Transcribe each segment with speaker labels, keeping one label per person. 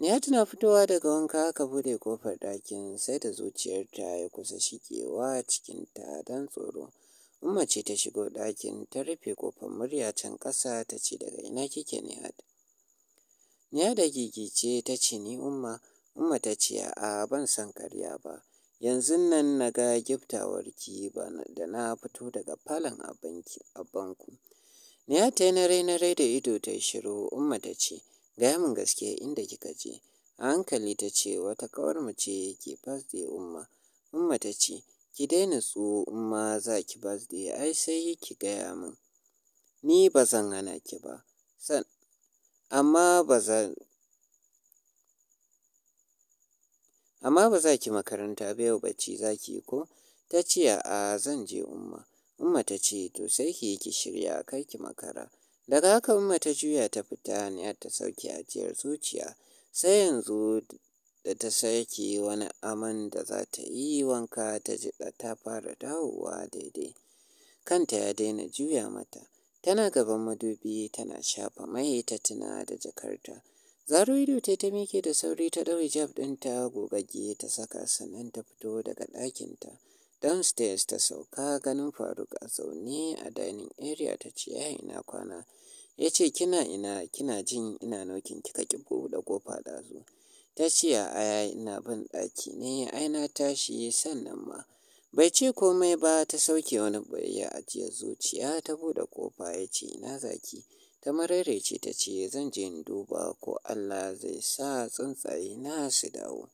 Speaker 1: Niyatu na fitowa daga wanka aka buɗe kofar ɗakin sai da zuciyarta ya kusa shigewa cikinta don tsoro. Umma ce ta shigo ɗakin ta rufe ƙofar murya can ƙasa ta ce daga ina kike Nihat. Niya da gigice ta ce ni Umma, Umma ta ce a'a ban san karya ba. Yanzu nan na ga giftawarki da na fito daga falon abanku. Nihat ta yi na rai da ido ta shiru Umma ta ce Gaya min gaske inda kika je. A hankali ta ce wata kawar ce ke birthday Umma. Umma ta ce ki daina natsu Umma za ki birthday ai sai ki gaya min. Ni ba zan hana ki ba. San amma ba zan amma ba za ki makaranta ba yau bacci za ki yi ko? Ta ce a'a zan je Umma. Umma ta ce to sai ki yi ki shirya kar ki makara. Daga haka Umma ta juya ta fita Haniya ta sauke ajiyar zuciya, sai yanzu da ta sake wani aman da za ta yi wanka ta ji ta fara dawowa daidai. Kanta ya daina juya mata, tana gaban madubi tana shafa mai ta tuna da jakarta. Zaro ido ta ta miƙe da sauri ta ɗau hijab ɗinta gogagge ta saka sannan ta fito daga ɗakinta. Downstairs ta sauka ganin Faruk a zaune a dining area ta ce ya ina kwana. Ya ce kina ina kina jin ina nokin kika ki buɗe kofa ɗazu. Ta ce a aya ina ban ɗaki ne ai na tashi sannan ma. Bai ce komai ba ta sauke wani bayya a jiya zuciya ta buɗe kofa ya ce ina zaki. Ta mararece ta ce zan je in duba ko Allah zai sa tsuntsaye na su dawo.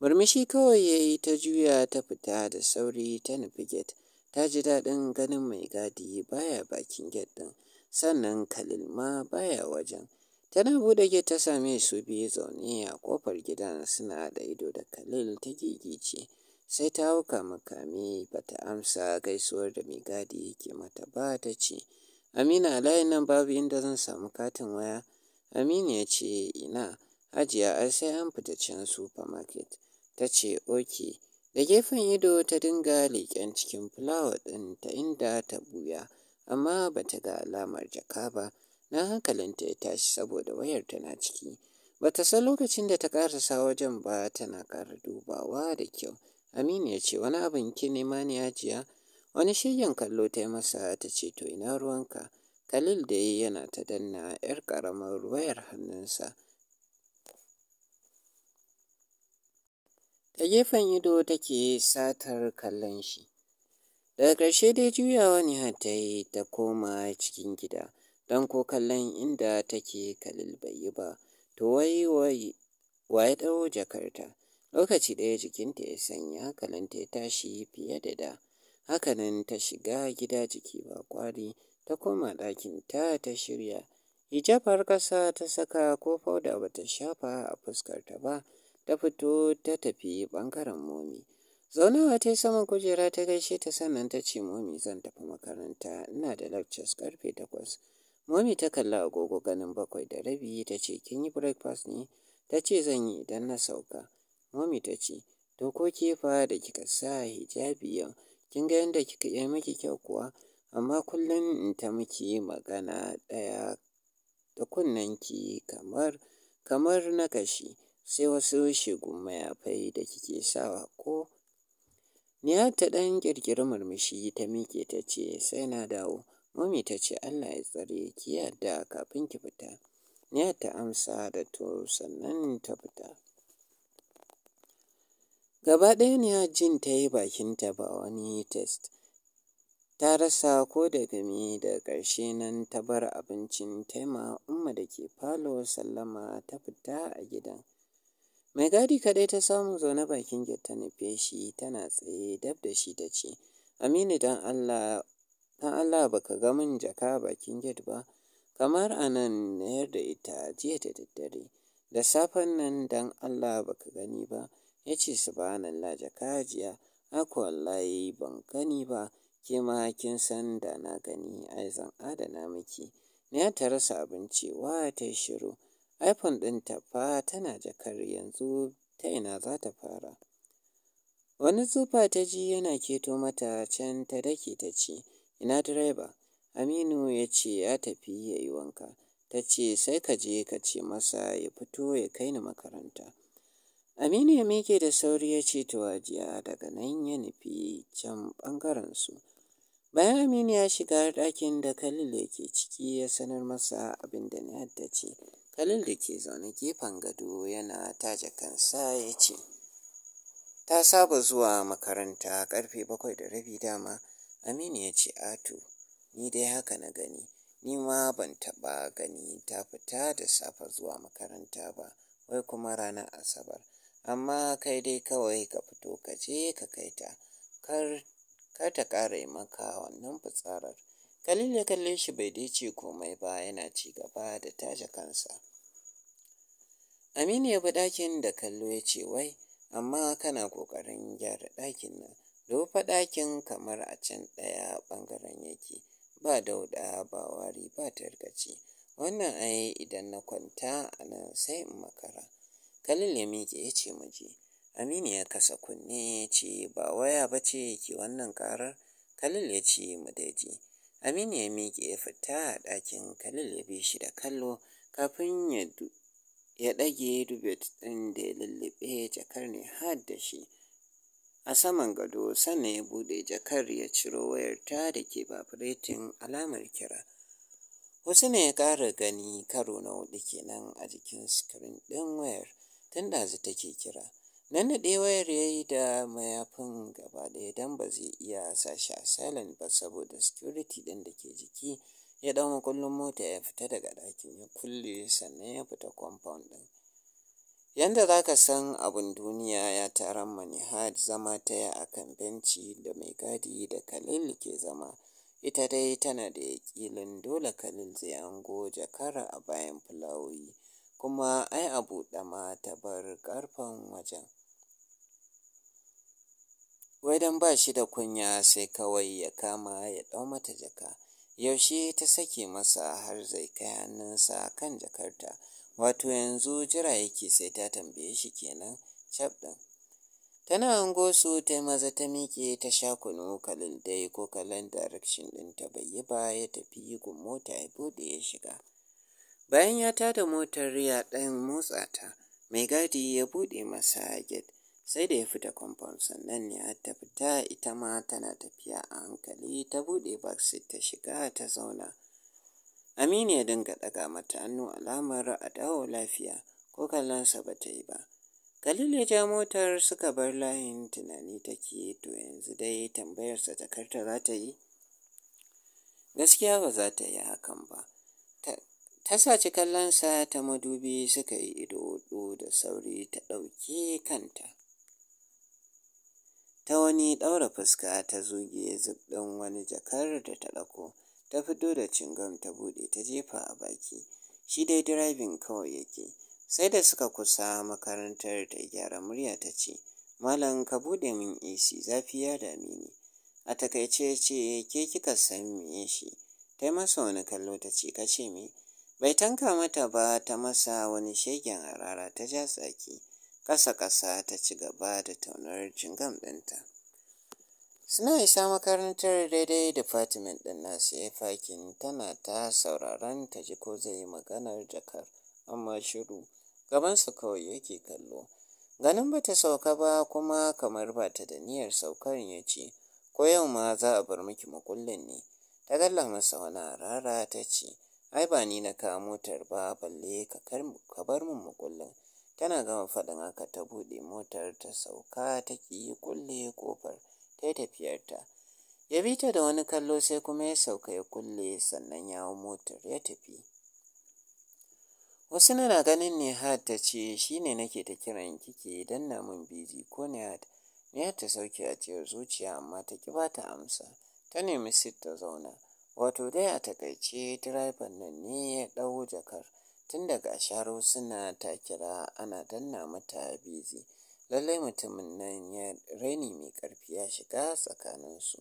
Speaker 1: murmushi kawai ya yi ta juya ta fita da sauri ta nufi get ta ji daɗin ganin mai gadi baya bakin get ɗin sannan kalil ma baya wajen tana buɗe get ta same su biyu zaune a ƙofar gidan suna da ido da kalil ta gigice sai ta hauka makami bata amsa gaisuwar da mai gadi yake mata ba ta ce amina layin nan babu inda zan samu katin waya aminu ya ce ina ajiya? ai sai an fita can supermarket ta ce oke da gefen ido ta dinga leƙen cikin fulawa ɗin ta inda ta buya amma ba ta ga alamar jaka ba na hankalinta ya tashi saboda wayar tana ciki ba ta san lokacin da ta ƙarasa wajen ba tana ƙara dubawa da kyau aminu ya ce wani abin ki nema ne ajiya wani shiryan kallo ta yi masa ta ce to ina ruwanka Khalil da yana ta danna 'yar ƙaramar wayar hannunsa ta gefen ido take satar kallon shi daga ƙarshe dai juyawa ne ta yi ta koma cikin gida don ko kallon inda take kalil bai yi ba to wai wai ɗau jakarta lokaci ɗaya jikinta ya sanya kalanta ya tashi fiye da da hakanan ta shiga gida jiki ba kwari ta koma ɗakinta ta shirya hijabar ƙasa ta saka ko fauda bata shafa a fuskarta ba ta fito ta tafi ɓangaren momi zaunawa ta yi saman kujera ta gaishe ta sannan ta ce momi zan tafi makaranta ina da lectures karfe takwas momi ta kalla agogo ganin bakwai da rabi ta ce kin yi breakfast ne ta ce zan yi idan na sauka momi ta ce to ko ke fa da kika sa hijabi yau kin ga yadda kika yi miki kyau kuwa amma kullum in ta miki magana ɗaya da kunnen ki kamar na kashi sai wasu ya mayafai da kike sawa ko Niyata ta ɗan ƙirƙiri murmushi ta miƙe ta ce sai na dawo mami ta ce allah ya tsare ki yadda kafin ki fita Niyata ta amsa da to sannan ta fita gaba ɗaya niya jin ta yi bakinta ba wani test ta rasa ko da gami da ƙarshe nan ta bar abincin taima umma da ke falo sallama ta fita a gidan mai gadi kaɗai ta samu zaune bakin gid ta nufe shi tana tsaye dab da shi ta ce aminu don allah ba allah baka ga mun jaka bakin gid ba kamar a nan nayar da ita jiya da daddare da safen nan don allah baka gani ba ya ce su ba la jaka jiya aku wallahi ban gani ba ke ma kin san da na gani ai zan adana miki ne ta rasa abinci wa ta shiru iPhone ɗinta fa tana jakar yanzu ta ina za ta fara. Wani tsufa ta ji yana keto mata can ta dake ta ce, Ina direba? Aminu ya ce ya tafi ya yi wanka. Ta ce sai ka je ka ce masa ya fito ya kai ni makaranta. Aminu ya mike da sauri ya ce to ajiya daga nan ya nufi can ɓangarensu Bayan Aminu ya shiga ɗakin da Khalil yake ciki ya sanar masa abin da na ce Kalin da ke zaune gefen gado yana taje kansa ya ce, Ta saba zuwa makaranta karfe bakwai da rabi dama, Aminu ya ce, Ato, ni dai haka na gani, ni ma ban taɓa gani ta fita da safe zuwa makaranta ba, wai kuma ranar Asabar. Amma kai dai kawai ka fito ka je ka kai ta, kar ta ƙara maka wannan fitsarar. Kalil ya kalle shi bai dai komai ba yana ci gaba da tashi kansa. Aminu ya bi ɗakin da kallo ya ce wai amma kana ƙoƙarin gyara ɗakin nan rufe ɗakin kamar a can ɗaya ɓangaren yake ba Dauda, ba wari ba Targaci. wannan ai idan na kwanta a nan sai in makara Kalil ya miƙe ya ce mu Aminu ya kasa kunne ya ce ba waya ba ce ke wannan ƙarar? Kalil ya ce mu daji Aminu ya miƙe ya fita a ɗakin Khalil ya bi shi da kallo kafin ya ya ɗage dubet ɗin da ya lullube jakar ne har da shi a saman gado sannan ya buɗe jakar ya ciro wayar ta da ke bafuretin alamar kira wasu ne ya ƙara gani karo na huɗu kenan a jikin sikirin ɗin wayar tun ɗazu take kira Nannaɗe wayar ya yi da mayafin gaba ɗaya dan ba zai iya sa shi a silent ba saboda security ɗin da ke jiki. Ya ɗau kullun mota ya fita daga ɗakin ya kulle sannan ya fita compound ɗin. Yanda za ka san abin duniya ya taran manihad zama ta yi a kan benci da mai gadi da kalil ke zama. Ita dai tana da ƙilin dole kalil zai hango jakara a bayan fulawoyi kuma ai a buɗe ta bar ƙarfen wajen. Wai don ba shi da kunya sai kawai ya kama ya ɗau mata jaka. Yaushe ta sake masa har zai kai hannunsa kan jakarta. Wato yanzu jira yake sai ta tambaye shi kenan cap ɗin. Tana hango su ta maza ta miƙe ta sha kunu kalin dai ko kalan direction ɗin ta bai ba ya tafi gun mota ya buɗe ya shiga. Bayan ya tada motar ya ɗan motsa ta, mai gadi ya buɗe masa get sai da ya fita kwamfan sannan ne ta fita ita ma tana tafiya a hankali ta buɗe backseat ta shiga ta zauna aminu ya dinga ɗaga mata hannu alamar a dawo lafiya ko kallonsa ba ta yi ba kalil ya ja motar suka bar layin tunani take to yanzu dai tambayarsa karta za ta yi? Gaskiya ba za ta yi hakan ba. Ta saci kallonsa ta madubi suka yi ido da sauri ta ɗauki kanta. ta wani ɗaura fuska ta zuge zub ɗin wani jakar da ta ɗako ta fito da cingam ta buɗe ta jefa a baki shi dai direbin kawai yake sai da suka kusa makarantar ta gyara murya ta ce malam ka buɗe min ac zafi ya dame ni a takaice ce ke kika san me shi ta masa wani kallo ta ce ka ce me bai tanka mata ba ta masa wani shegen harara ta ja tsaki ƙasa-ƙasa ta ci gaba da taunar jingam ɗinta. Suna isa makarantar daidai Department ɗin nasu ya fakin tana ta sauraron ta ji ko zai yi maganar jakar, amma shiru gabansa kawai yake kallo. Ganin ba ta sauka ba kuma kamar ba ta da niyyar saukar ya ce, ko yau ma za a bar miki makullin ne. Ta galla masa wani rara ta ce, ai ba ni na kawo motar ba balle ka bar min makullin. Tana gama faɗin haka ta buɗe motar ta sauka ta yi kulle ƙofar ta yi tafiyarta. Ya bi ta da wani kallo sai kuma ya sauka ya kulle sannan ya hau motar ya tafi. Wasu na ganin Nihat ta ce shi ne nake ta kiran kike don na mun bizi ko Nihat. ne ta sauke a ciyar zuciya amma ta ki ba ta amsa. Ta nemi sit ta zauna. Wato dai a takaice direban nan ne ya ɗau jakar. tun daga asharo suna ta kira ana danna mata bizi lallai mutumin nan ya raini mai ƙarfi ya shiga tsakaninsu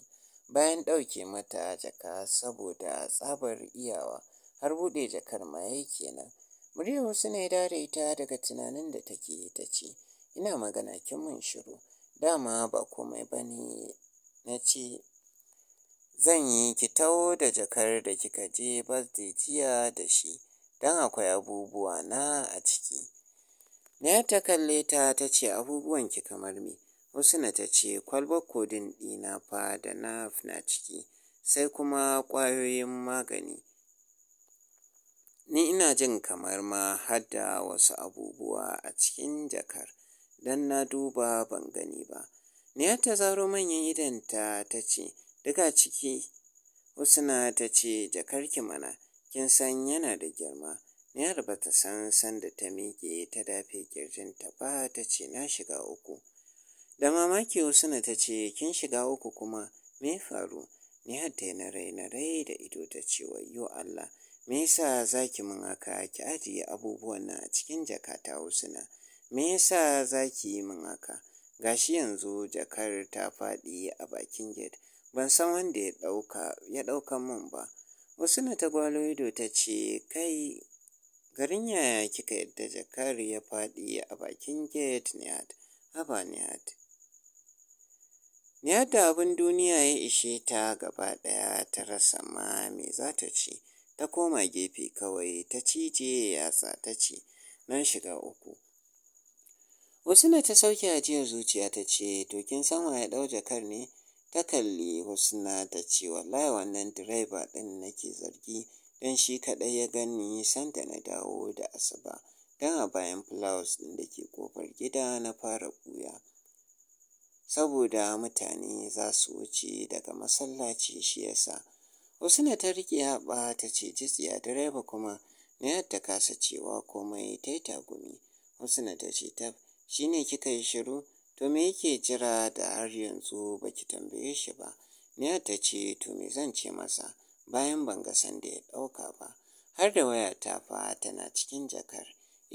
Speaker 1: bayan ɗauke mata jaka saboda tsabar iyawa har buɗe jakar ma yayi kenan muryar wasu ne dare ta daga tunanin da take ta ce ina magana kin mun shiru dama ba komai ba ne na ce zan yi ki tawo da jakar da kika je birthday jiya da shi don akwai abubuwa na a ciki. Naya ta kalle ta ta ce abubuwan ki kamar me? Husna ta ce kwalbar kodin ɗina fa da na na ciki sai kuma ƙwayoyin magani. Ni ina jin kamar ma har wasu abubuwa a cikin jakar don na duba ban gani ba. Niyar ta zaro manyan idonta ta ce, Duk a ciki? Husna ta ce, ki mana, Kin san yana da girma. Niyar ba ta san sanda ta miƙe ta dafe ƙirjinta ba ta ce na shiga uku. Da mamaki usuna ta ce kin shiga uku kuma me faru? Niyar ta na rai na rai da ido ta ce wayyo Allah me yasa za ki min haka ki ajiye abubuwan nan a cikin jakata usuna Me yasa za ki yi min haka? Gashi yanzu jakar ta faɗi a bakin gate ban san wanda ya ɗauka ya ɗaukan min ba. Wasu na ta gwalo ido ta ce, Kai, garin yaya kika yadda jakar ya faɗi a bakin gate Nihat, haba Nihat. Nihat da abin duniya ya ishe ta gaba ɗaya ta rasa ma mai za ta ce, ta koma gefe kawai ta cije yatsa ta ce, nan shiga uku. Wasu na ta sauke ajiyar zuciya ta ce, To kin ya ɗau jakar ne? ta kalli husna ta ce wallahi wannan direba ɗin nake zargi don shi kaɗai ya gani sanda na dawo da asuba don a bayan fulawas ɗin da ke ƙofar gida na fara ɓuya saboda mutane za su wuce daga masallaci shi yasa husna ta riƙe haɓa ta ce jitsiya direba kuma na ta kasa cewa komai ta yi tagumi husna ta ce ta, shi ne kika yi shiru To me yake jira da har yanzu ba ki tambaye shi ba? Nina ta ce to me zan ce masa bayan ban ga sanda ya ɗauka ba. Har da waya ta fa tana cikin jakar.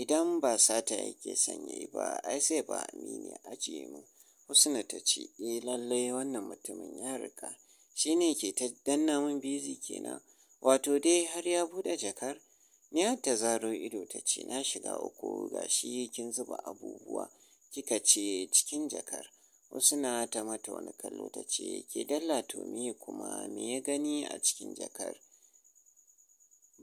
Speaker 1: Idan ba sata yake son ba ai sai ba amini a ajiye mu. Husna ta ce eh lallai wannan mutumin ya rika Shi ne ke ta danna min bizi kenan. Wato dai har ya buɗe jakar. Nina ta zaro ido ta ce na shiga uku ga shi kin zuba abubuwa. kika ce cikin jakar wasu na ta mata wani kallo ta ce ke dalla to me kuma me ya gani a cikin jakar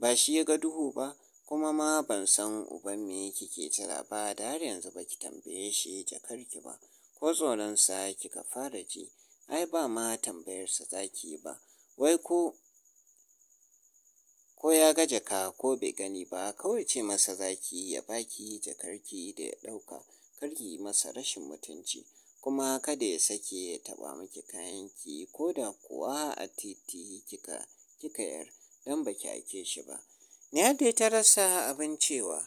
Speaker 1: ba shi ya ga duhu ba kuma ma ban san uban me kike jira ba da har yanzu ba ki tambaye shi jakar ki ba ko tsoronsa kika fara ji ai ba ma tambayarsa za ki ba wai ko ko ya ga jaka ko bai gani ba kawai ce masa zaki ya baki jakarki da ya ɗauka kar ki yi masa rashin mutunci kuma kada ya sake ya taɓa miki kayanki ko da kuwa a titi kika kika yar don ba ki ake shi ba ya dai ta rasa abin cewa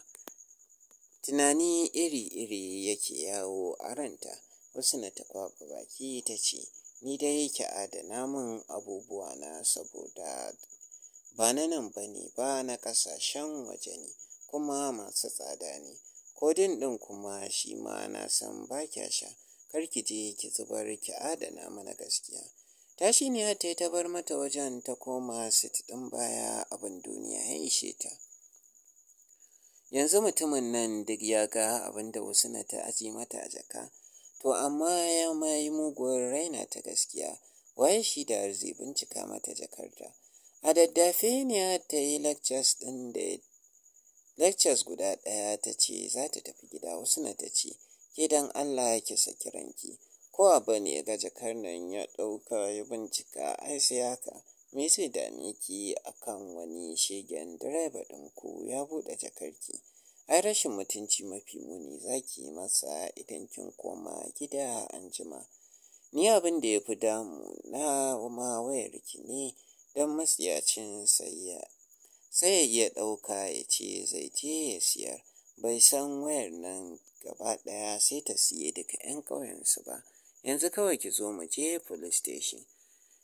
Speaker 1: tunani iri-iri yake yawo a ranta wasu na ta baki ta ce ni dai ki adana min abubuwa na saboda ba na nan ba ne ba na ƙasashen waje ne kuma masu tsada ne kodin ɗin kuma shi ma na san ba kya sha, kar ki je ki zubar ki adana mana gaskiya. Tashi ne ta yi ta bar mata wajen ta koma sit ɗin baya abin duniya ya ishe ta. Yanzu mutumin nan duk ya ga abin da na ta aji mata a jaka, to amma ya mai muguwar raina ta gaskiya, waye shi da zai bincika mata jakarta. A daddafe ne ta yi lectures ɗin da Lectures guda ɗaya ta ce za ta tafi gida wasu na ta ce, Ke dan Allah ki saki ranki, ko abu bane ga jakar nan ya ɗauka ya bincika ai sai haka. Me zai dame ki a kan wani shegen direba ɗinku ya buɗe jakarki? Ai rashin mutunci mafi muni za ki yi masa idan kin koma gida anjima. Ni abin da ya fi damu na ma wayarki ne don matsiyacin sayya sai ya ɗauka ya ce zai je ya siyar bai san wayar nan gaba ɗaya sai ta siye duka 'yan ƙauyensu ba yanzu kawai ki zo mu je police station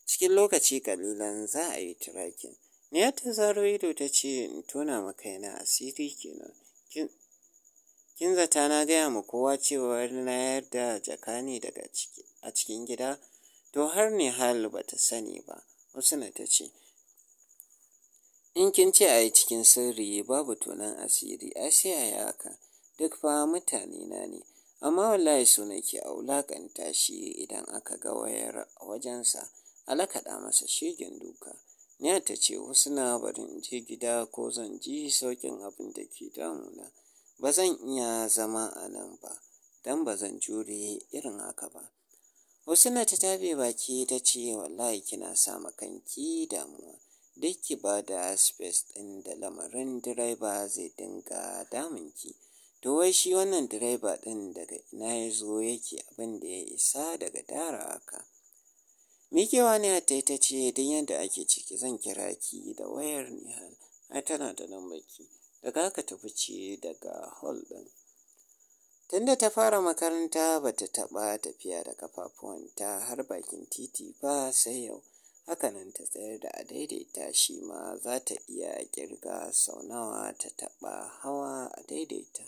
Speaker 1: cikin lokaci kalilan za a yi tirakin ya ta zaro ido ta ce in tona ma kaina asiri kenan kin zata na gaya ma kowa cewa na yarda jaka ne daga a cikin gida to har ne hal ba ta sani ba wasu na ta ce in kin ce a yi cikin sirri babu tunan asiri a sai a yi duk fa mutane na ne amma wallahi so nake a wulaƙanta shi idan aka ga wayar wajensa alakaɗa masa shegen duka ni ta ce wasu na barin je gida ko zan ji sauƙin abin da ke damuna ba zan iya zama a nan ba don ba zan jure irin haka ba husna ta tabe baki ta ce wallahi kina sa kanki damuwa Dukki ki ba da space ɗin da lamarin direba zai dinga damun ki, To wai shi wannan direba ɗin daga ina ya zo yake abin da ya isa daga dara haka. Mikewa ne a ta ce don yadda ake ciki zan kira ki da wayar Nihal, ai tana da nan ki, daga haka tafi ce daga hall ɗin. Tunda ta fara makaranta ba ta taɓa tafiya da kafafuwanta har bakin titi ba sai yau. Hakanan ta tsayar da a daidaita shi ma za ta iya ƙirga sau nawa ta taɓa hawa a daidaita.